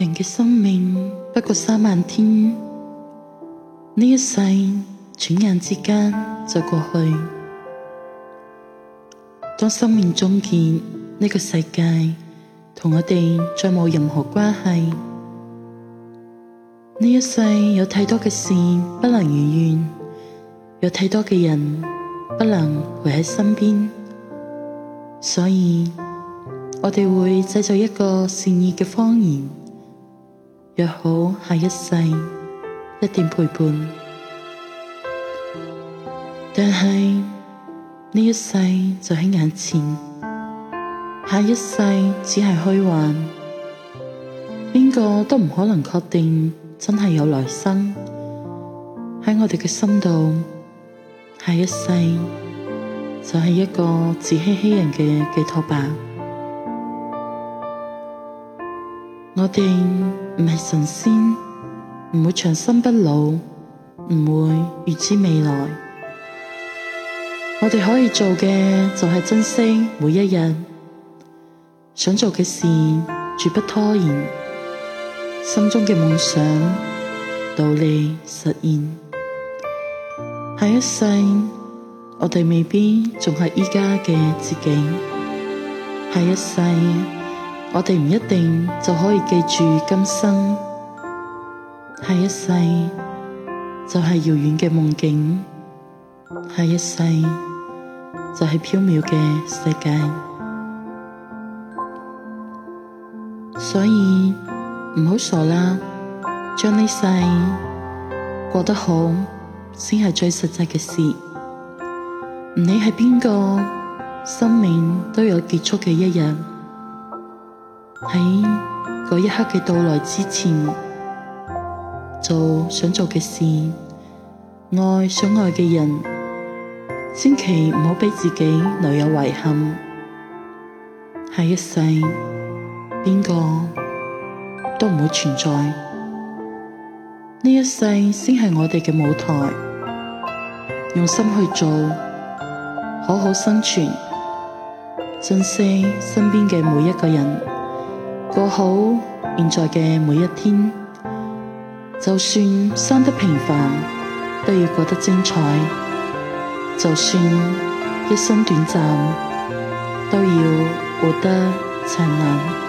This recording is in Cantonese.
人嘅生命不過三萬天，呢一世轉眼之間就過去。當生命終結，呢個世界同我哋再冇任何關係。呢一世有太多嘅事不能如願，有太多嘅人不能陪喺身邊，所以我哋會製造一個善意嘅謊言。約好下一世一定陪伴，但係呢一世就喺眼前，下一世只係虛幻，邊個都唔可能確定真係有來生。喺我哋嘅心度，下一世就係一個自欺欺人嘅寄託吧。我哋唔係神仙，唔會長生不老，唔會預知未來。我哋可以做嘅就係珍惜每一日，想做嘅事絕不拖延，心中嘅夢想努力實現。下一世，我哋未必仲係而家嘅自己。下一世。我哋唔一定就可以記住今生，下一世就係遙遠嘅夢境，下一世就係飄渺嘅世界。所以唔好傻啦，將呢世過得好先係最實際嘅事。唔理係邊個，生命都有結束嘅一日。喺嗰一刻嘅到來之前，做想做嘅事，愛想愛嘅人，千祈唔好俾自己留有遺憾。下一世，邊個都唔會存在，呢一世先係我哋嘅舞台，用心去做，好好生存，珍惜身邊嘅每一個人。過好現在嘅每一天，就算生得平凡，都要過得精彩；就算一生短暫，都要活得燦爛。